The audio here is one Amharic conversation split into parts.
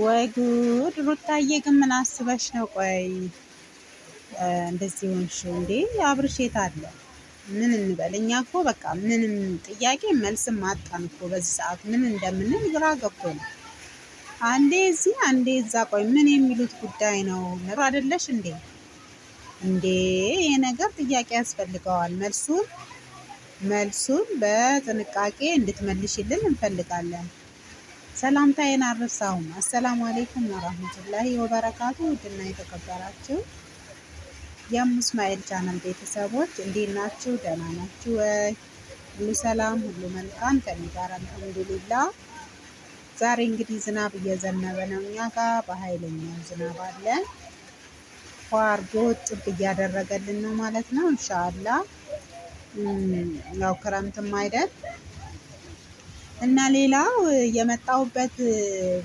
ወይ ጉድ! ሩታዬ ግን ምን አስበሽ ነው? ቆይ እንደዚህ ሆንሽ እንዴ? አብርሼት አለ ምን እንበል እኛ እኮ በቃ ምንም ጥያቄ መልስም አጣን እኮ በዚህ ሰዓት ምን እንደምንል ግራ ገብቶን አንዴ እዚህ አንዴ እዛ። ቆይ ምን የሚሉት ጉዳይ ነው? ምር አይደለሽ እንዴ? እንዴ ይሄ ነገር ጥያቄ ያስፈልገዋል። መልሱን መልሱን በጥንቃቄ እንድትመልሽልን እንፈልጋለን። ሰላምታዬን አልረሳሁም። አሰላሙ አሌይኩም ወራህመቱላሂ ወበረካቱ። ውድና የተከበራችሁ የሙስማኤል ቻናል ቤተሰቦች እንዴት ናችሁ? ደህና ናችሁ ወይ? ሁሉ ሰላም፣ ሁሉ መልካም ከእኔ ጋር ዛሬ እንግዲህ ዝናብ እየዘነበ ነው እኛ ጋር በኃይለኛ ዝናብ አለ። አድርጎ ጥብ እያደረገልን ነው ማለት ነው። እንሻላ ያው ክረምትም አይደል እና ሌላው የመጣሁበት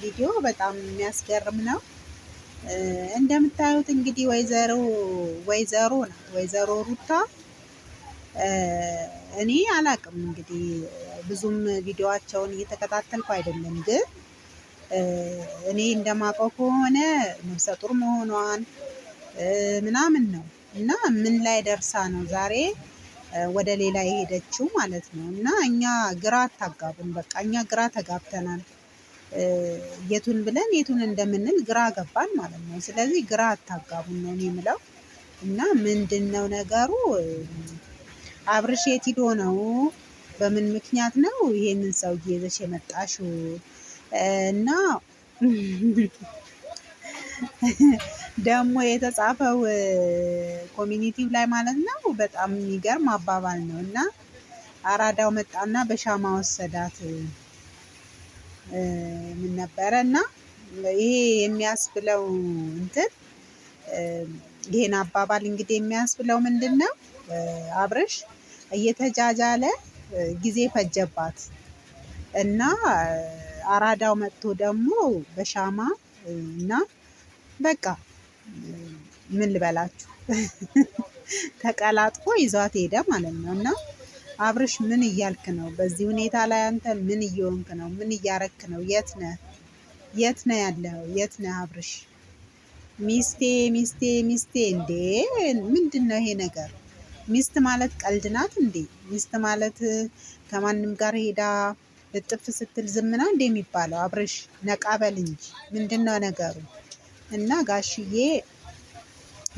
ቪዲዮ በጣም የሚያስገርም ነው። እንደምታዩት እንግዲህ ወይዘሮ ወይዘሮ ናት ወይዘሮ ሩታ እኔ አላቅም እንግዲህ ብዙም ቪዲዮዋቸውን እየተከታተልኩ አይደለም፣ ግን እኔ እንደማውቀው ከሆነ ነፍሰ ጡር መሆኗን ምናምን ነው እና ምን ላይ ደርሳ ነው ዛሬ ወደ ሌላ የሄደችው ማለት ነው። እና እኛ ግራ አታጋቡን። በቃ እኛ ግራ ተጋብተናል። የቱን ብለን የቱን እንደምንል ግራ ገባን ማለት ነው። ስለዚህ ግራ አታጋቡን ነው የምለው። እና ምንድን ነው ነገሩ? አብርሽ የት ሂዶ ነው? በምን ምክንያት ነው ይሄንን ሰውዬ ይዘሽ የመጣሽው? እና ደግሞ የተጻፈው ኮሚኒቲው ላይ ማለት ነው። በጣም የሚገርም አባባል ነው እና አራዳው መጣና በሻማ ወሰዳት ምን ነበረ እና ይሄ የሚያስብለው እንትን ይሄን አባባል እንግዲህ የሚያስብለው ምንድን ነው? አብርሽ እየተጃጃለ ጊዜ ፈጀባት እና አራዳው መጥቶ ደግሞ በሻማ እና በቃ ምን ልበላችሁ ተቀላጥፎ ይዟት ሄደ ማለት ነው። እና አብርሽ ምን እያልክ ነው? በዚህ ሁኔታ ላይ አንተ ምን እየሆንክ ነው? ምን እያረክ ነው? የት ነህ? የት ነህ ያለው? የት ነህ አብርሽ? ሚስቴ ሚስቴ ሚስቴ እንዴ! ምንድን ነው ይሄ ነገር? ሚስት ማለት ቀልድ ናት እንዴ? ሚስት ማለት ከማንም ጋር ሄዳ ልጥፍ ስትል ዝምና እንዴ የሚባለው? አብርሽ ነቃ በል እንጂ ምንድን ነው ነገሩ? እና ጋሽዬ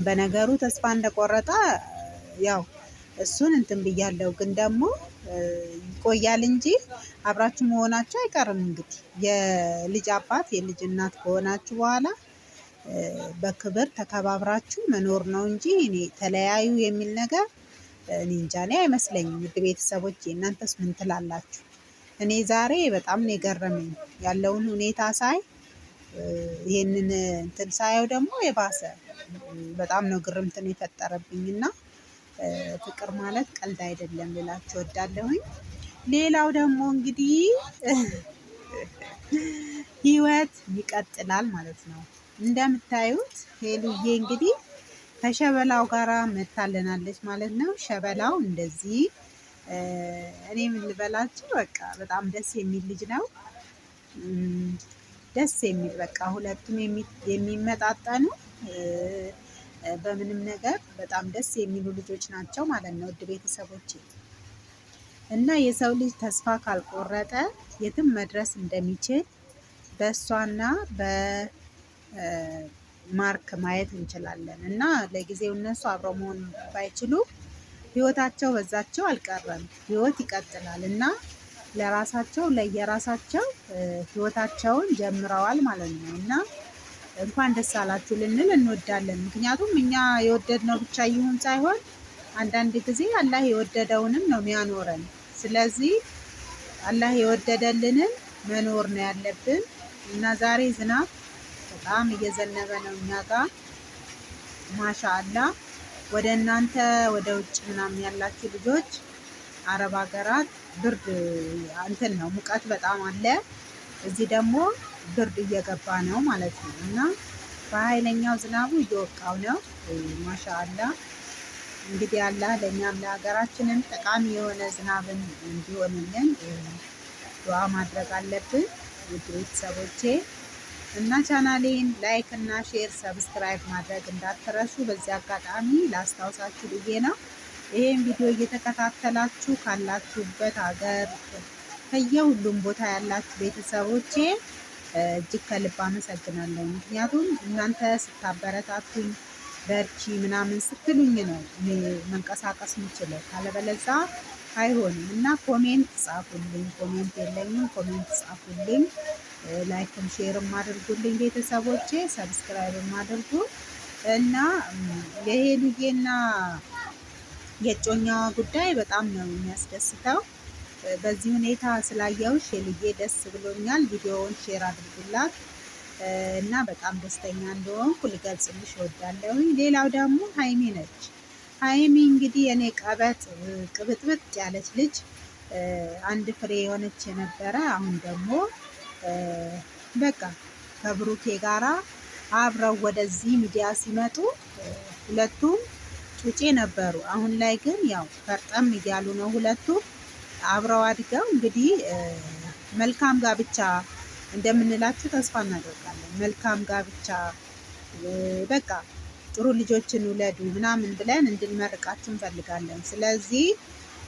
በነገሩ ተስፋ እንደቆረጠ ያው እሱን እንትን ብያለሁ፣ ግን ደግሞ ይቆያል እንጂ አብራችሁ መሆናችሁ አይቀርም። እንግዲህ የልጅ አባት የልጅ እናት ከሆናችሁ በኋላ በክብር ተከባብራችሁ መኖር ነው እንጂ እኔ ተለያዩ የሚል ነገር እኔ እንጃ እኔ አይመስለኝም። ውድ ቤተሰቦች እናንተስ ምን ትላላችሁ? እኔ ዛሬ በጣም ነው የገረመኝ ያለውን ሁኔታ ሳይ ይሄንን እንትን ሳየው ደግሞ የባሰ በጣም ነው ግርምትን የፈጠረብኝ ና ፍቅር ማለት ቀልድ አይደለም ልላችሁ ወዳለሁኝ። ሌላው ደግሞ እንግዲህ ህይወት ይቀጥላል ማለት ነው። እንደምታዩት ሄሉዬ እንግዲህ ከሸበላው ጋር መታለናለች ማለት ነው። ሸበላው እንደዚህ እኔ የምልበላችሁ በቃ በጣም ደስ የሚል ልጅ ነው። ደስ የሚል በቃ ሁለቱም የሚመጣጠኑ በምንም ነገር በጣም ደስ የሚሉ ልጆች ናቸው ማለት ነው። ውድ ቤተሰቦች እና የሰው ልጅ ተስፋ ካልቆረጠ የትም መድረስ እንደሚችል በእሷና በማርክ ማየት እንችላለን። እና ለጊዜው እነሱ አብረው መሆን ባይችሉ ህይወታቸው በዛቸው አልቀረም፣ ህይወት ይቀጥላል እና ለራሳቸው ለየራሳቸው ህይወታቸውን ጀምረዋል ማለት ነው እና እንኳን ደስ አላችሁ ልንል እንወዳለን። ምክንያቱም እኛ የወደድነው ብቻ ይሁን ሳይሆን አንዳንድ ጊዜ አላህ የወደደውንም ነው የሚያኖረን። ስለዚህ አላህ የወደደልንን መኖር ነው ያለብን እና ዛሬ ዝናብ በጣም እየዘነበ ነው እኛ ጋ ማሻ ወደ እናንተ ወደ ውጭ ምናምን ያላችሁ ልጆች አረብ ሀገራት ብርድ እንትን ነው፣ ሙቀት በጣም አለ። እዚህ ደግሞ ብርድ እየገባ ነው ማለት ነው። እና በኃይለኛው ዝናቡ እየወቃው ነው። ማሻ እንግዲህ አላህ ለእኛም ለሀገራችንም ጠቃሚ የሆነ ዝናብን እንዲሆንልን ዱዓ ማድረግ አለብን። ውድ ቤተሰቦቼ እና ቻናሌን ላይክ እና ሼር ሰብስክራይብ ማድረግ እንዳትረሱ በዚህ አጋጣሚ ላስታውሳችሁ ብዬ ነው። ይህም ቪዲዮ እየተከታተላችሁ ካላችሁበት ሀገር ከየሁሉም ቦታ ያላችሁ ቤተሰቦቼ እጅግ ከልብ አመሰግናለሁ። ምክንያቱም እናንተ ስታበረታቱኝ በርቺ ምናምን ስትሉኝ ነው መንቀሳቀስ የምችለው፣ ካለበለዛ አይሆንም እና ኮሜንት ጻፉልኝ። ኮሜንት የለኝም፣ ኮሜንት ጻፉልኝ። ላይክም ሼርም አድርጉልኝ ቤተሰቦቼ፣ ሰብስክራይብም አድርጉ እና የሄሉዬና የእጮኛዋ ጉዳይ በጣም ነው የሚያስደስተው። በዚህ ሁኔታ ስላየሁሽ የልዬ ደስ ብሎኛል። ቪዲዮውን ሼር አድርጉላት እና በጣም ደስተኛ እንደሆንኩ ልገልጽልሽ እወዳለሁ። ሌላው ደግሞ ሀይሚ ነች። ሀይሚ እንግዲህ የኔ ቀበጥ ቅብጥብጥ ያለች ልጅ አንድ ፍሬ የሆነች የነበረ አሁን ደግሞ በቃ ከብሩኬ ጋራ አብረው ወደዚህ ሚዲያ ሲመጡ ሁለቱም ጩጬ ነበሩ። አሁን ላይ ግን ያው ፈርጠም እያሉ ነው ሁለቱ አብረው አድገው እንግዲህ መልካም ጋብቻ እንደምንላቸው ተስፋ እናደርጋለን። መልካም ጋብቻ በቃ ጥሩ ልጆችን ውለዱ ምናምን ብለን እንድንመርቃችሁ እንፈልጋለን። ስለዚህ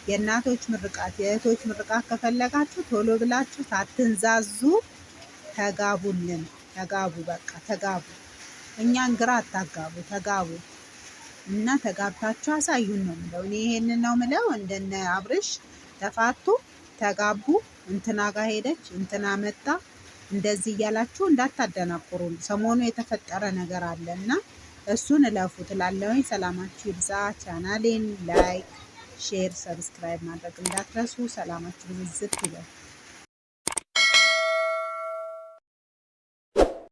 የእናቶች ምርቃት፣ የእህቶች ምርቃት ከፈለጋችሁ ቶሎ ብላችሁ ሳትንዛዙ ተጋቡልን። ተጋቡ፣ በቃ ተጋቡ። እኛን ግራ አታጋቡ፣ ተጋቡ። እና ተጋብታችሁ አሳዩን ነው ምለው። እኔ ይሄንን ነው ምለው። እንደነ አብርሽ ተፋቱ፣ ተጋቡ፣ እንትና ጋ ሄደች፣ እንትና መጣ፣ እንደዚህ እያላችሁ እንዳታደናቁሩን። ሰሞኑ የተፈጠረ ነገር አለ እና እሱን እለፉ ትላለውኝ ሰላማችሁ ይብዛ። ቻናሌን ላይክ፣ ሼር፣ ሰብስክራይብ ማድረግ እንዳትረሱ። ሰላማችሁ ብዝት ይበል።